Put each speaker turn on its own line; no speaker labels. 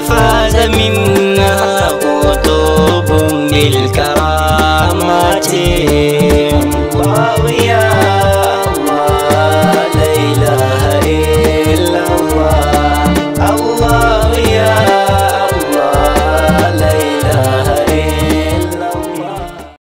فعل من